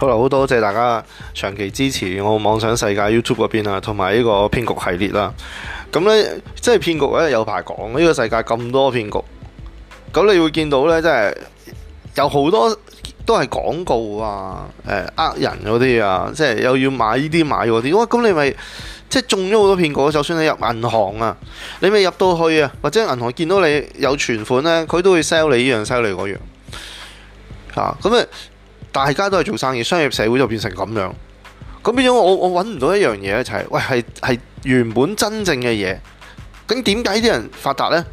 好啦，好多謝大家長期支持我網上世界 YouTube 嗰邊啊，同埋呢個騙局系列啦。咁呢，即係騙局咧，有排講呢個世界咁多騙局。咁你會見到呢，即係有好多都係廣告啊，呃人嗰啲啊，即係又要買呢啲，買嗰啲。咁你咪即係中咗好多騙局。就算你入銀行啊，你咪入到去啊，或者銀行見到你有存款呢，佢都會 sell 你呢樣 sell 你嗰樣。吓，咁啊？大家都係做生意，商業社會就變成咁樣。咁變咗我我揾唔到一樣嘢咧就係：「喂，係係原本真正嘅嘢。」咁點解啲人發達呢？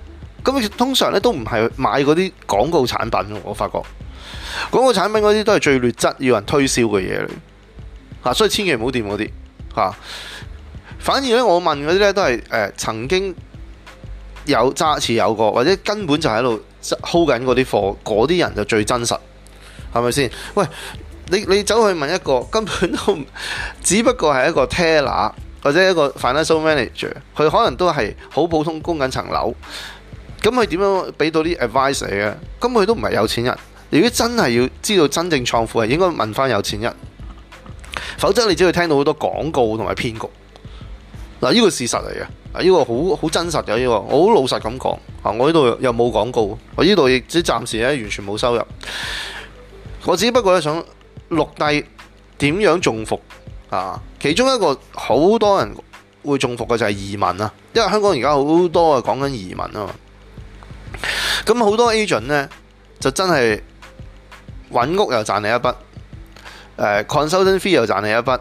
咁通常咧都唔係買嗰啲廣告產品。我發覺廣告產品嗰啲都係最劣質要人推銷嘅嘢嚟。吓，所以千祈唔好掂嗰啲吓。反而咧，我問嗰啲咧都係誒曾經有揸持有過，或者根本就喺度 hold 緊嗰啲貨，嗰啲人就最真實。係咪先？喂，你你走去問一個根本都唔只不過係一個 Teller 或者一個 Financial Manager，佢可能都係好普通供緊層樓。咁佢點樣俾到啲 advice 你嘅？根本佢都唔係有錢人。你如果真係要知道真正創富，係應該問翻有錢人，否則你只會聽到好多廣告同埋騙局。嗱，呢個事實嚟嘅，呢個好好真實嘅呢個，我好老實咁講啊。我呢度又冇廣告，我呢度亦只暫時咧完全冇收入。我只不過想錄低點樣中伏啊！其中一個好多人會中伏嘅就係移民啊，因為香港而家好多啊講緊移民啊嘛。咁好多 agent 呢就真係揾屋又賺你一筆，呃、consulting fee 又賺你一筆。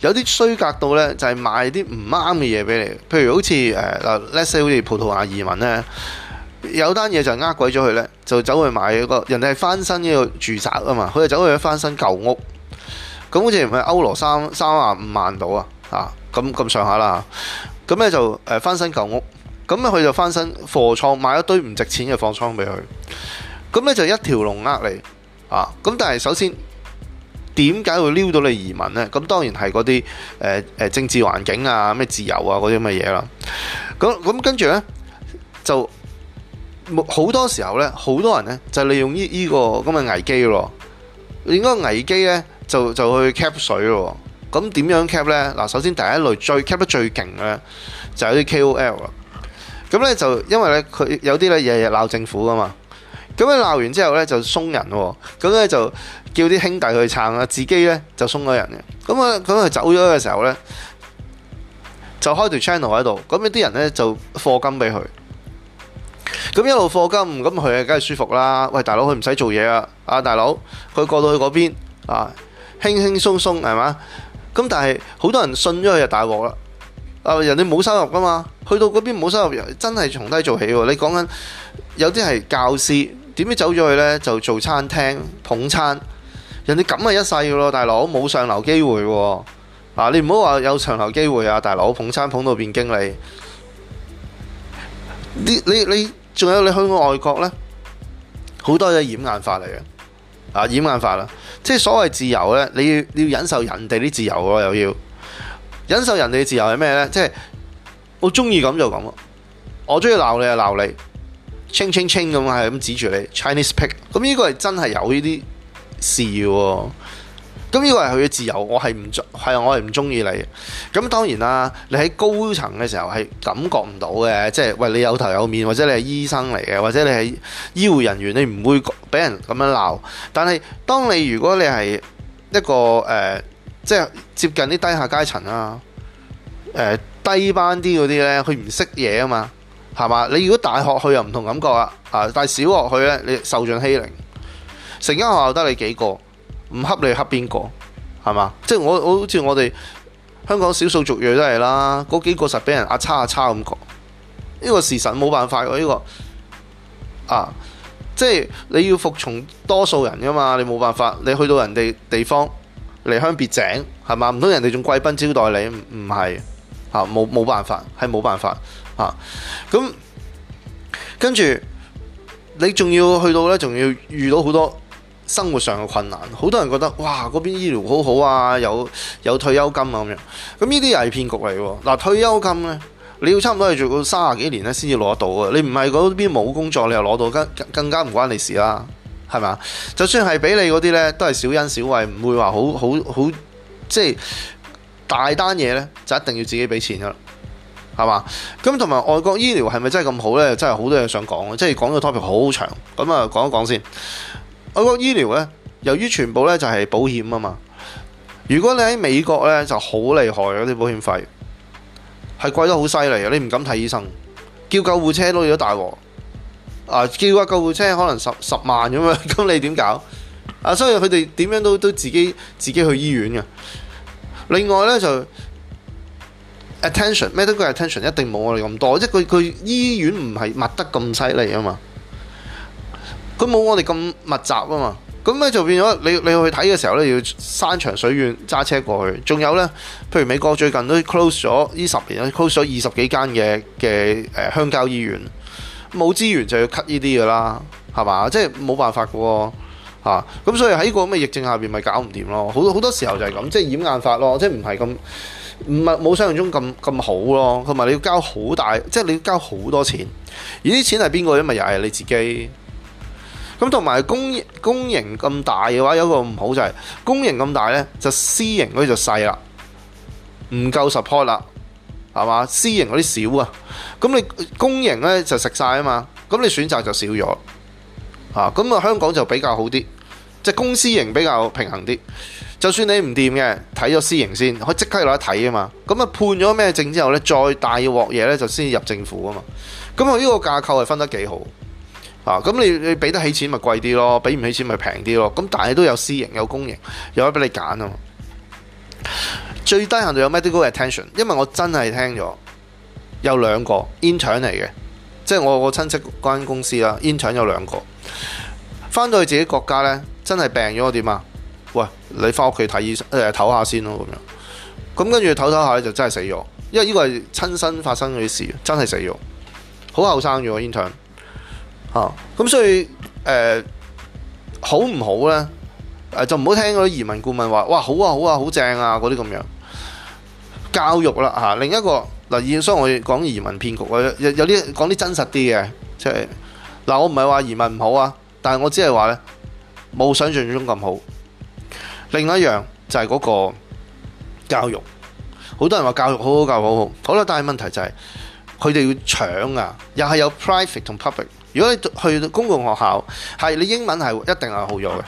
有啲衰格到呢就係，是，賣啲唔啱嘅嘢俾你，譬如好似嗱，呃、let’s say 好似葡萄牙移民呢。有單嘢就呃鬼咗佢呢，就走去買一個人哋係翻新一個住宅啊嘛，佢就走去翻新舊屋，咁好似唔係歐羅三三啊五萬度啊，啊咁咁上下啦，咁呢就誒翻新舊屋，咁呢佢就翻新貨倉買一堆唔值錢嘅貨倉俾佢，咁呢就一條龍呃你啊，咁但係首先點解會撩到你移民呢？咁當然係嗰啲誒誒政治環境啊，咩自由啊嗰啲咁嘅嘢啦，咁咁跟住呢就。好多時候咧，好多人咧就利用呢依個咁嘅危機喎。應該危機咧就就去 cap 水咯。咁點樣 cap 咧？嗱，首先第一類最 cap 得最勁咧，就係啲 KOL 啊。咁咧就因為咧佢有啲咧日日鬧政府㗎嘛。咁咧鬧完之後咧就鬆人喎。咁咧就叫啲兄弟去撐啦。自己咧就鬆咗人嘅。咁啊，咁佢走咗嘅時候咧，就開條 channel 喺度。咁啲人咧就課金俾佢。咁一路課金，咁佢梗係舒服啦。喂，大佬佢唔使做嘢啊！啊，大佬佢過到去嗰邊啊，輕輕鬆鬆係嘛？咁但係好多人信咗佢就大鑊啦。啊，人哋冇收入噶嘛，去到嗰邊冇收入，真係從低做起喎。你講緊有啲係教師，點知走咗去呢就做餐廳捧餐，人哋咁係一世噶咯，大佬冇上流機會喎。啊，你唔好話有上流機會啊，大佬捧餐捧到變經理，啲你你。仲有你去過外國咧，好多嘢掩眼法嚟嘅，啊掩眼法啦，即係所謂自由咧，你要你要忍受人哋啲自由咯，又要忍受人哋嘅自由係咩咧？即係我中意咁就咁咯，我中意鬧你啊鬧你，清清清咁係咁指住你 Chinese pick，咁呢個係真係有呢啲事嘅。咁呢個係佢嘅自由，我係唔中係我係唔中意你。咁當然啦，你喺高層嘅時候係感覺唔到嘅，即係喂你有頭有面，或者你係醫生嚟嘅，或者你係醫護人員，你唔會俾人咁樣鬧。但係當你如果你係一個、呃、即係接近啲低下階層啊、呃，低班啲嗰啲呢，佢唔識嘢啊嘛，係嘛？你如果大學去又唔同感覺啊，啊！但係小學去呢，你受盡欺凌，成間學校得你幾個。唔恰你恰邊個，係嘛？即係我好似我哋香港少數族裔都係啦，嗰幾個實俾人阿差阿差咁講，呢個事實冇辦法嘅，呢個，啊，即係你要服從多數人噶嘛，你冇辦法，你去到人哋地方離鄉別井，係嘛？唔通人哋仲貴賓招待你唔係？吓，冇冇辦法，係冇辦法吓。咁、啊、跟住你仲要去到呢？仲要遇到好多。生活上嘅困難，好多人覺得哇，嗰邊醫療好好啊，有有退休金啊咁樣，咁呢啲又係騙局嚟喎。嗱、啊、退休金呢，你要差唔多係做到三十幾年咧先至攞得到啊。你唔係嗰邊冇工作，你又攞到，更更加唔關你事啦、啊，係咪？就算係俾你嗰啲呢，都係小恩小惠，唔會話好好好即係大單嘢呢，就一定要自己俾錢噶啦，係嘛？咁同埋外國醫療係咪真係咁好呢？真係好多嘢想講嘅，即係講咗 topic 好長，咁啊講一講先。我個醫療呢，由於全部呢就係、是、保險啊嘛，如果你喺美國呢就好厲害嗰啲保險費，係貴得好犀利嘅，你唔敢睇醫生，叫救護車都咗大鑊，啊叫個救護車可能十十萬咁樣，咁你點搞？啊，所以佢哋點樣都都自己自己去醫院嘅。另外呢，就 attention 咩都 attention 一定冇我哋咁多，即係佢佢醫院唔係密得咁犀利啊嘛。都冇我哋咁密集啊嘛，咁咧就變咗你你去睇嘅時候咧要山長水遠揸車過去，仲有咧，譬如美國最近都 close 咗呢十年 close 咗二十幾間嘅嘅誒鄉郊醫院，冇資源就要 cut 呢啲㗎啦，係嘛？即係冇辦法㗎喎、啊，咁、啊、所以喺個個咁嘅疫症下面咪搞唔掂咯，好多好多時候就係咁，即係掩眼法咯，即係唔係咁唔係冇想象中咁咁好咯，同埋你要交好大，即、就、係、是、你要交好多錢，而啲錢係邊個咧？咪又係你自己。咁同埋公公營咁大嘅話，有一個唔好就係公營咁大呢，就私營嗰啲就細啦，唔夠 support 啦，係嘛？私營嗰啲少啊，咁你公營呢，就食晒啊嘛，咁你選擇就少咗。咁啊，香港就比較好啲，即係公私營比較平衡啲。就算你唔掂嘅，睇咗私營先，可以即刻攞一睇啊嘛。咁啊判咗咩證之後呢，再大鑊嘢呢，就先入政府啊嘛。咁啊，呢個架構係分得幾好。啊，咁你你俾得起錢咪貴啲咯，俾唔起錢咪平啲咯。咁但係都有私營有公營，有得俾你揀啊嘛。最低限度有 medical attention，因為我真係聽咗有兩個 intern 嚟嘅，即係我我個親戚嗰間公司啦。intern 有兩個翻到去自己國家呢，真係病咗我點啊？喂，你翻屋企睇醫生誒，唞下先咯咁樣。咁跟住唞唞下咧，就真係死咗。因為呢個係親身發生嗰啲事，真係死咗，好後生嘅 intern。咁、啊、所以誒、呃、好唔好呢？誒、呃、就唔好聽嗰啲移民顧問話哇，好啊，好啊，好正啊嗰啲咁樣。教育啦吓，啊，另一個嗱，所以我講移民騙局有啲講啲真實啲嘅。即係嗱，我唔係話移民唔好啊，但係我只係話呢，冇想象中咁好。另外一樣就係嗰個教育，好多人話教育好好，教育好好好啦，但係問題就係佢哋要搶啊，又係有 private 同 public。如果你去到公共學校，係你英文係一定係好咗嘅，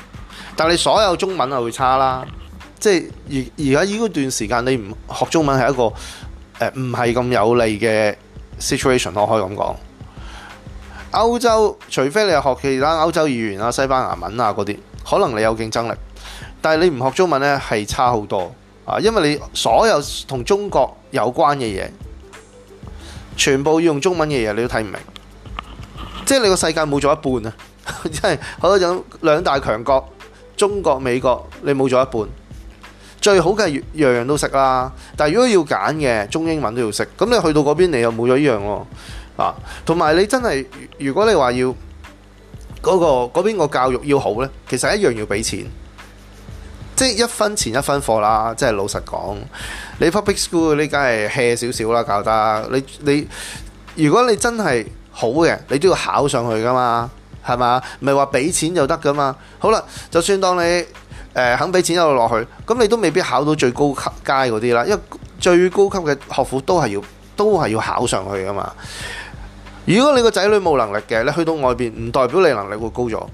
但係你所有中文係會差啦。即係而而家呢段時間，你唔學中文係一個誒唔係咁有利嘅 situation，我可以咁講。歐洲除非你係學其他歐洲語言啊、西班牙文啊嗰啲，可能你有競爭力，但係你唔學中文呢係差好多啊，因為你所有同中國有關嘅嘢，全部要用中文嘅嘢，你都睇唔明。即係你個世界冇咗一半啊！即係好多兩兩大強國，中國、美國，你冇咗一半。最好嘅係樣樣都識啦，但係如果要揀嘅，中英文都要識。咁你去到嗰邊，你又冇咗一樣喎。同埋你真係，如果你話要嗰個嗰邊個教育要好呢，其實一樣要俾錢，即係一分錢一分貨啦。即係老實講，你 public school 你梗係 hea 少少啦，搞得你你。如果你真係，好嘅，你都要考上去噶嘛，係嘛？唔係話俾錢就得噶嘛。好啦，就算當你誒、呃、肯俾錢一路落去，咁你都未必考到最高級階嗰啲啦。因為最高級嘅學府都係要，都係要考上去噶嘛。如果你個仔女冇能力嘅，你去到外邊唔代表你能力會高咗，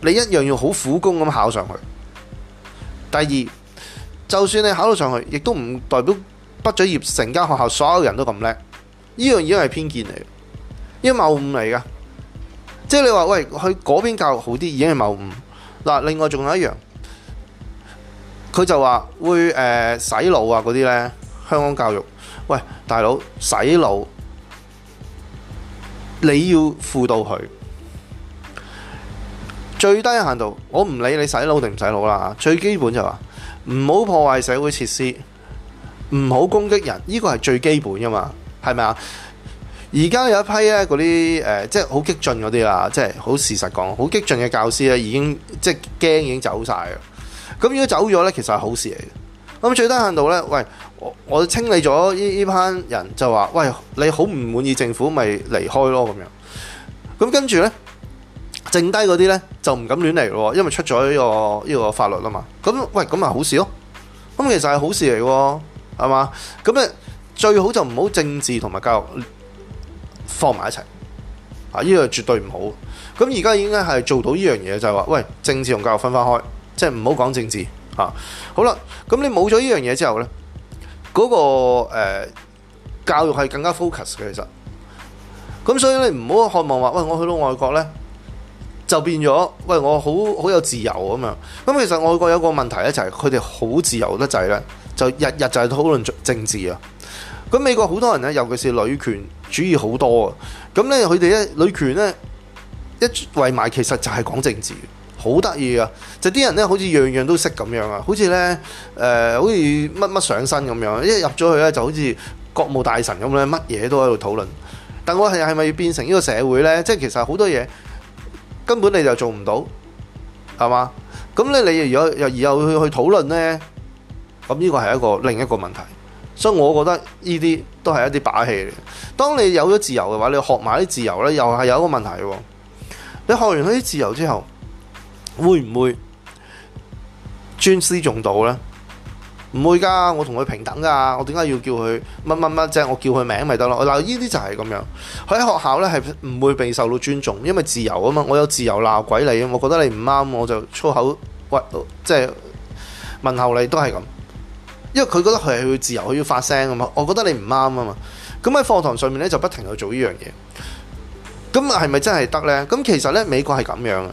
你一樣要好苦功咁考上去。第二，就算你考到上去，亦都唔代表畢咗業成間學校所有人都咁叻。呢樣已經係偏見嚟。一謬誤嚟噶，即係你話喂，去嗰邊教育好啲，已經係謬誤。嗱，另外仲有一樣，佢就話會誒、呃、洗腦啊嗰啲呢。香港教育，喂，大佬洗腦，你要輔導佢，最低限度，我唔理你洗腦定唔洗腦啦，最基本就話唔好破壞社會設施，唔好攻擊人，呢、這個係最基本噶嘛，係咪啊？而家有一批咧，嗰啲誒，即係好激進嗰啲啦，即係好事實講，好激進嘅教師咧，已經即係驚，已經走晒啦。咁如果走咗咧，其實係好事嚟嘅。咁最低限度咧，喂，我清理咗呢呢班人，就話喂你好唔滿意政府咪離開咯咁樣。咁跟住咧，剩低嗰啲咧就唔敢亂嚟咯，因為出咗呢個呢個法律啊嘛。咁喂，咁咪好事咯。咁其實係好事嚟喎，係嘛？咁咧最好就唔好政治同埋教育。放埋一齊，啊，呢個絕對唔好。咁而家已經咧係做到呢樣嘢，就係話喂，政治同教育分分開，即係唔好講政治。吓，好啦，咁你冇咗呢樣嘢之後呢，嗰個誒教育係更加 focus 嘅，其實。咁所以你唔好渴望話喂，我去到外國呢，就變咗喂我好好有自由咁樣。咁其實外國有個問題呢，就係佢哋好自由得滯呢，就日日就係討論政治啊。咁美國好多人咧，尤其是女權主義好多啊！咁咧佢哋咧女權咧一圍埋，其實就係講政治，好得意啊！就啲人咧好似樣樣都識咁樣啊，好似咧誒，好似乜乜上身咁樣，一入咗去咧就好似國務大臣咁咧，乜嘢都喺度討論。但我係係咪要變成呢個社會咧？即係其實好多嘢根本你就做唔到，係嘛？咁咧你又又又去去討論咧？咁呢個係一個另一個問題。所以我覺得呢啲都係一啲把戲嚟。當你有咗自由嘅話，你學埋啲自由呢，又係有一個問題喎。你學完啲自由之後，會唔會尊師重道呢？唔會㗎，我同佢平等㗎。我點解要叫佢乜乜乜，即係我叫佢名咪得咯。嗱，呢啲就係咁樣。喺學校呢，係唔會被受到尊重，因為自由啊嘛。我有自由鬧鬼你，我覺得你唔啱，我就粗口喂，即係問候你都係咁。因為佢覺得佢係要自由，佢要發聲啊嘛，我覺得你唔啱啊嘛。咁喺課堂上面咧就不停去做呢樣嘢，咁係咪真係得呢？咁其實呢，美國係咁樣嘅。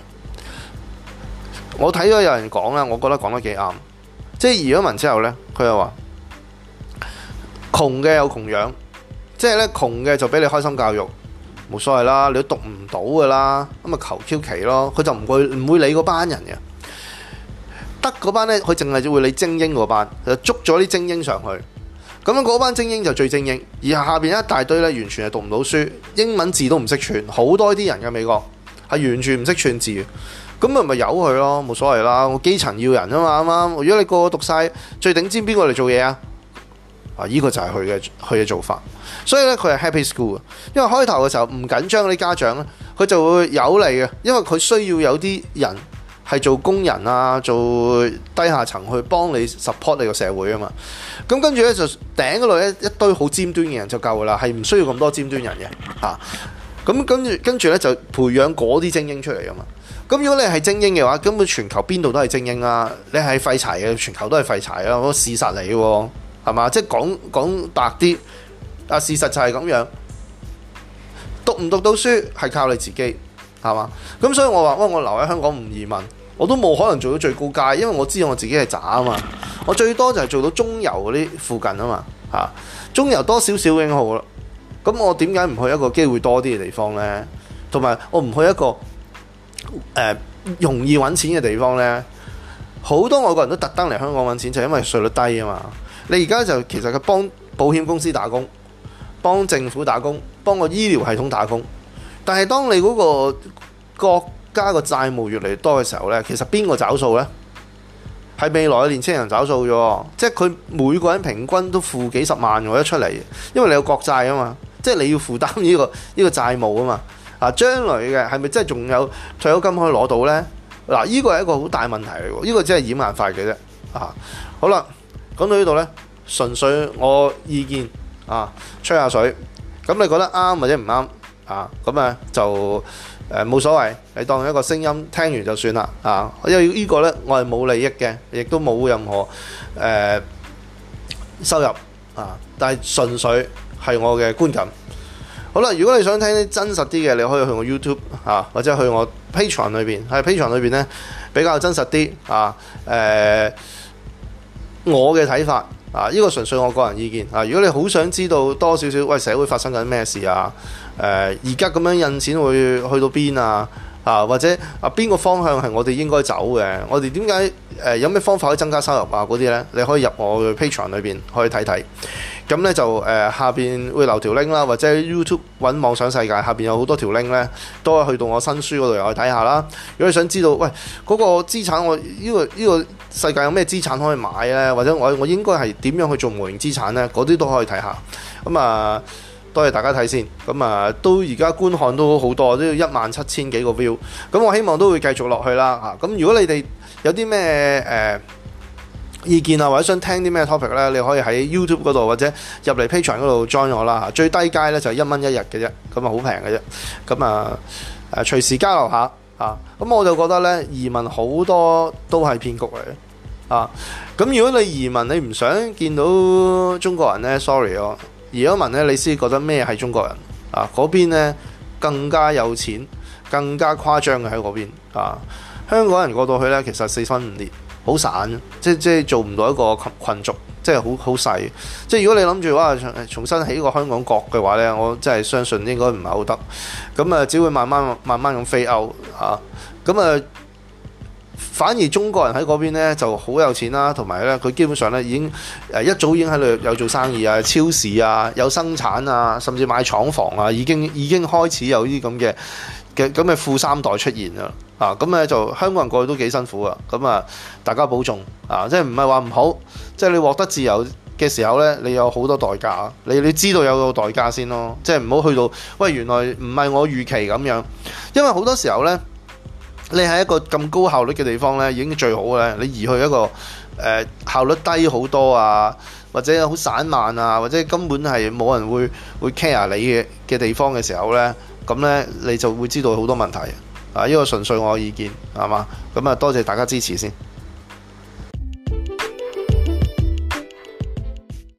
我睇咗有人講啊，我覺得講得幾啱。即係移咗民之後呢，佢又話窮嘅有窮養，即係呢，窮嘅就俾你開心教育，冇所謂啦，你都讀唔到噶啦，咁咪求 Q 其咯。佢就唔會唔會理嗰班人嘅。得嗰班呢，佢淨係會理精英嗰班，就捉咗啲精英上去。咁樣嗰班精英就最精英，而下面一大堆呢，完全係讀唔到書，英文字都唔識串，好多啲人喺美國係完全唔識串字。咁咪咪由佢咯，冇所謂啦。我基層要人啊嘛啱啱？如果你個個讀晒，最頂尖，邊個嚟做嘢啊？啊，依、呢個就係佢嘅佢嘅做法。所以呢，佢係 happy school。因為開頭嘅時候唔緊張啲家長呢，佢就會由你嘅，因為佢需要有啲人。係做工人啊，做低下層去幫你 support 你個社會啊嘛。咁跟住呢，就頂嗰度呢一堆好尖端嘅人就夠啦，係唔需要咁多尖端人嘅。吓、啊，咁跟住跟住呢，就培養嗰啲精英出嚟啊嘛。咁如果你係精英嘅話，根本全球邊度都係精英啊。你係廢柴嘅，全球都係廢柴都啊。我事實嚟嘅，係嘛？即係講講白啲，啊，事實就係咁樣。讀唔讀到書係靠你自己。係嘛？咁所以我話：我留喺香港唔移民，我都冇可能做到最高階，因為我知道我自己係渣啊嘛。我最多就係做到中游嗰啲附近啊嘛。嚇，中游多少少應好啦。咁我點解唔去一個機會多啲嘅地方呢？同埋我唔去一個、呃、容易揾錢嘅地方呢？好多外國人都特登嚟香港揾錢，就是，因為稅率低啊嘛。你而家就其實佢幫保險公司打工，幫政府打工，幫個醫療系統打工。但係當你嗰、那個國家個債務越嚟越多嘅時候呢，其實邊個找數呢？係未來嘅年輕人找數咗，即係佢每個人平均都負幾十萬喎，一出嚟，因為你有國債啊嘛，即係你要負擔呢個呢個債務啊嘛。啊，將來嘅係咪真係仲有退休金可以攞到呢？嗱，呢個係一個好大問題嚟，呢個只係掩眼法嘅啫。啊，好啦，講到呢度呢，純粹我意見啊，吹下水，咁你覺得啱或者唔啱啊？咁啊就。誒、呃、冇所謂，你當一個聲音聽完就算啦，啊！因為呢個呢，我係冇利益嘅，亦都冇任何、呃、收入啊。但係純粹係我嘅觀感。好啦，如果你想聽啲真實啲嘅，你可以去我 YouTube 啊，或者去我 Patreon 裏面。喺 Patreon 裏面呢，比較真實啲啊。呃、我嘅睇法。啊！呢個純粹我個人意見啊！如果你好想知道多少少，喂，社會發生緊咩事啊？而家咁樣印錢會去到邊啊？啊，或者啊邊個方向係我哋應該走嘅？我哋點解？呃、有咩方法可以增加收入啊？嗰啲呢，你可以入我嘅 Patreon 裏邊可以睇睇。咁呢，就、呃、下邊會留條 link 啦，或者 YouTube 揾網上世界下邊有好多條 link 呢，都係去到我新書嗰度又去睇下啦。如果你想知道，喂，嗰、嗰個資產我，我、呢、呢個呢、呢個世界有咩資產可以買呢？或者我我應該係點樣去做模型資產呢？嗰啲都可以睇下。咁啊，多謝大家睇先。咁啊，都而家觀看都好多，都要一萬七千幾個 view。咁我希望都會繼續落去啦。吓，咁如果你哋。有啲咩、呃、意見啊，或者想聽啲咩 topic 咧？你可以喺 YouTube 嗰度或者入嚟 Patreon 嗰度 join 我啦嚇，最低階咧就係、一蚊一日嘅啫，咁啊好平嘅啫，咁啊誒隨時交流下咁、啊、我就覺得咧移民好多都係騙局嚟嘅啊。咁如果你移民你唔想見到中國人咧，sorry 我移咗民咧，你先覺得咩係中國人啊？嗰邊咧更加有錢，更加誇張嘅喺嗰邊啊。香港人過到去呢，其實四分五裂，好散，即即係做唔到一個群族，即係好好細。即係如果你諗住哇，重新起個香港國嘅話呢，我真係相信應該唔係好得。咁啊，只會慢慢慢慢咁飛歐嚇。咁啊，反而中國人喺嗰邊呢就好有錢啦、啊，同埋呢，佢基本上呢已經一早已經喺度有做生意啊、超市啊、有生產啊，甚至買廠房啊，已經已經開始有啲咁嘅嘅咁嘅富三代出現啦。啊，咁咧就香港人過去都幾辛苦噶，咁啊，大家保重啊！即係唔係話唔好，即係你獲得自由嘅時候呢，你有好多代價、啊，你你知道有個代價先咯、啊。即係唔好去到喂，原來唔係我預期咁樣，因為好多時候呢，你喺一個咁高效率嘅地方呢已經最好嘅，你移去一個誒、呃、效率低好多啊，或者好散漫啊，或者根本係冇人會會 care 你嘅嘅地方嘅時候呢，咁呢你就會知道好多問題、啊。啊！呢個純粹我意見，係嘛？咁啊，多謝大家支持先。